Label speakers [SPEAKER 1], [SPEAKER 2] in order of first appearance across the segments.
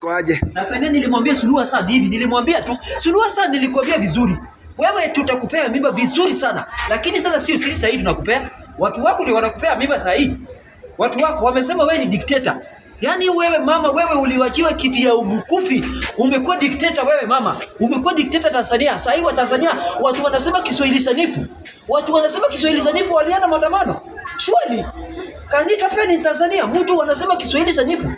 [SPEAKER 1] Kwaje? Sasa nini nilimwambia Suluhu Hassan hivi, nilimwambia tu Suluhu Hassan, nilikwambia vizuri. Wewe tutakupea mimba vizuri sana. Lakini sasa sio sisi sasa hivi tunakupea. Watu wako ndio wanakupea mimba sasa hivi. Watu wako wamesema wewe ni dikteta. Yaani wewe mama, wewe uliwachiwa kiti ya ubukufi, umekuwa dikteta wewe mama. Umekuwa dikteta Tanzania. Sasa hivi wa Tanzania watu wanasema Kiswahili sanifu. Watu wanasema Kiswahili sanifu waliana maandamano. Shwali. Kanika pia ni Tanzania, mtu wanasema Kiswahili sanifu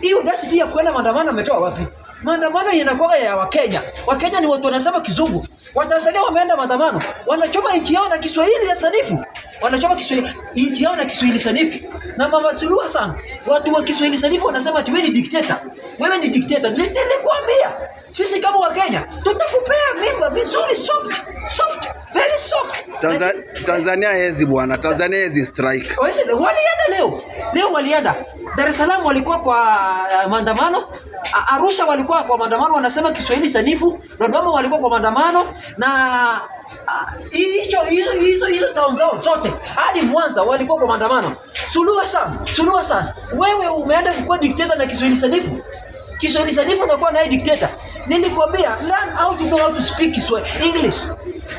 [SPEAKER 1] hii audacity ya kwenda maandamano ametoa wapi? Maandamano yanakuwa ya Wakenya. Wakenya ni watu wanasema kizungu. Watanzania wameenda maandamano, wanachoma nchi yao na Kiswahili ya sanifu. Wanachoma Kiswahili, nchi yao na Kiswahili sanifu. Na Mama Suluhu Hassan, watu wa Kiswahili sanifu wanasema ati wewe ni dikteta. Wewe ni dikteta. Nilikwambia sisi kama Wakenya tutakupea mimba vizuri soft, soft.
[SPEAKER 2] Tanzania, Tanzania hezi bwana, Tanzania hezi strike.
[SPEAKER 1] Walienda leo leo, walienda Dar es Salaam walikuwa kwa uh, maandamano, Arusha walikuwa kwa maandamano, wanasema Kiswahili sanifu. Dodoma walikuwa kwa maandamano na uh, hicho hizo hizo hizo town zao zote hadi Mwanza walikuwa kwa maandamano. Suluhu Hassan, Suluhu Hassan, wewe umeenda kuwa dikteta na Kiswahili sanifu Kiswahili sanifu unakuwa naye dikteta. Nilikwambia learn how to know how to speak English.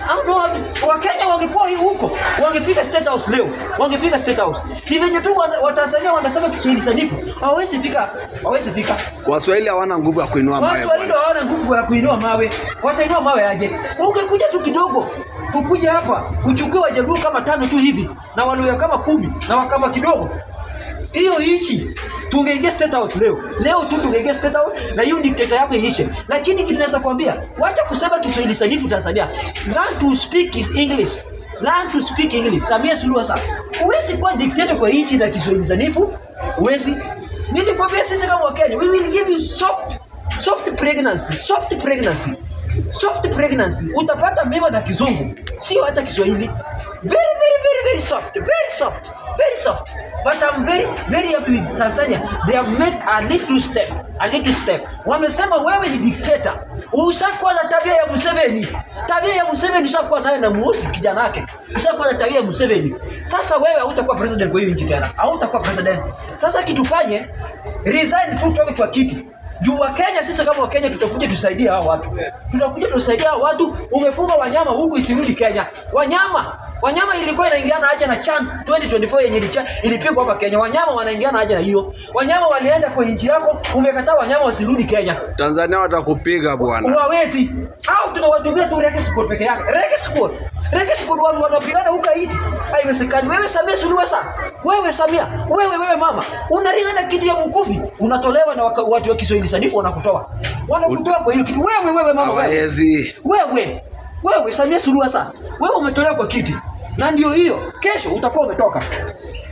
[SPEAKER 1] Au ah, Wakenya wangekuwa huko, wangefika State House leo, wangefika State House. Ni venye tu Watanzania wanasema Kiswahili sanifu, hawawezi fika, hawawezi fika.
[SPEAKER 2] Waswahili hawana nguvu ya kuinua mawe.
[SPEAKER 1] Waswahili hawana nguvu ya kuinua mawe. Watainua mawe aje? Ungekuja tu kidogo, ukuja hapa, uchukue wajaluo kama tano tu hivi na waluya kama kumi na wakama kidogo hiyo nchi tungeingia state out leo. Leo tu tungeingia state out na hiyo dictator yako iishe. Lakini kinaweza kuambia, wacha kusema Kiswahili sanifu Tanzania. Learn to speak is English. Learn to speak English. Samia Suluhu Hassan. Huwezi kuwa dictator kwa nchi na Kiswahili sanifu. Huwezi. Nilikwambia sisi kama Wakenya, we will give you soft soft pregnancy, soft pregnancy. Soft pregnancy. Utapata mimba na kizungu, sio hata Kiswahili. Very very very very soft, very soft very soft. But I'm very very happy with Tanzania. They have made a little step, a little step. Wamesema wewe ni dictator. Ushakuwa na tabia ya Museveni. Tabia ya Museveni ushakuwa nayo na muosi kijana yake. Ushakuwa na tabia ya Museveni. Sasa wewe hautakuwa president kwa hiyo nchi tena. Hautakuwa president. Sasa kitufanye resign tu toke kwa kiti. Juu wa Kenya sisi kama wa Kenya tutakuja tusaidie hao watu. Tutakuja tusaidie hao watu. Umefunga wanyama huku isirudi Kenya. Wanyama Wanyama ilikuwa inaingiana aje na CHAN 2024 yenye licha ilipigwa hapa Kenya? Wanyama wanaingiana aje na hiyo? Wanyama walienda kwa nchi yako, umekataa wanyama wasirudi Kenya.
[SPEAKER 2] Tanzania watakupiga bwana.
[SPEAKER 1] Hawawezi. Au tunawatumia tu Rege Squad peke yake. Rege Squad. Rege Squad wao wanapigana huko hiti. Haiwezekani. Wewe Samia Suluhu sasa. Wewe Samia, wewe wewe mama, na kiti ya mkufi, unatolewa na waka, watu wa Kiswahili sanifu wanakutoa. Wanakutoa kwa hiyo kitu. Wewe wewe mama.
[SPEAKER 2] Hawawezi.
[SPEAKER 1] Wewe. Wewe Samia Suluhu sasa. Wewe umetolewa kwa kiti na ndio hiyo, kesho utakuwa umetoka.